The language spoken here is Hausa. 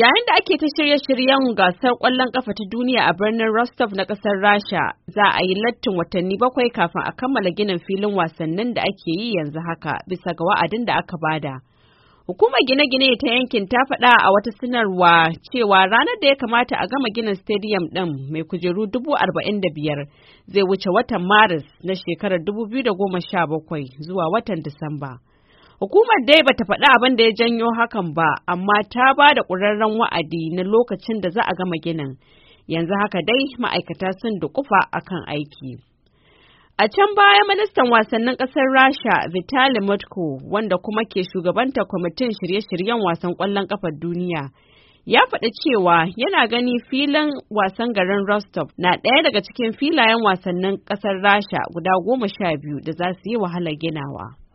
Yayin da ake ta shirye-shiryen gasar ƙwallon ƙafa ta duniya a birnin Rostov na ƙasar Rasha, za a yi lattin watanni bakwai kafin a kammala ginin filin wasannin da ake yi yanzu haka bisa ga wa'adin da aka bada. Hukumar gine-gine ta yankin ta faɗa a wata sanarwa cewa ranar da ya kamata a gama ginin stadium ɗin mai kujeru dubu arba'in da biyar zai wuce watan Maris na shekarar dubu biyu da goma sha bakwai zuwa watan Disamba. Hukumar dai bata faɗi abin da ya janyo hakan ba, amma ta ba da ƙurarren wa'adi na lokacin da za a gama ginin. Yanzu haka dai ma'aikata sun dukufa kan aiki. A can baya ministan wasannin ƙasar Rasha Vitali Mutko wanda kuma ke shugabanta kwamitin shirye-shiryen wasan ƙwallon ƙafar duniya ya faɗi cewa yana gani filin wasan garin Rostov na ɗaya daga cikin filayen wasannin ƙasar Rasha guda goma sha biyu da za su yi wahalar ginawa.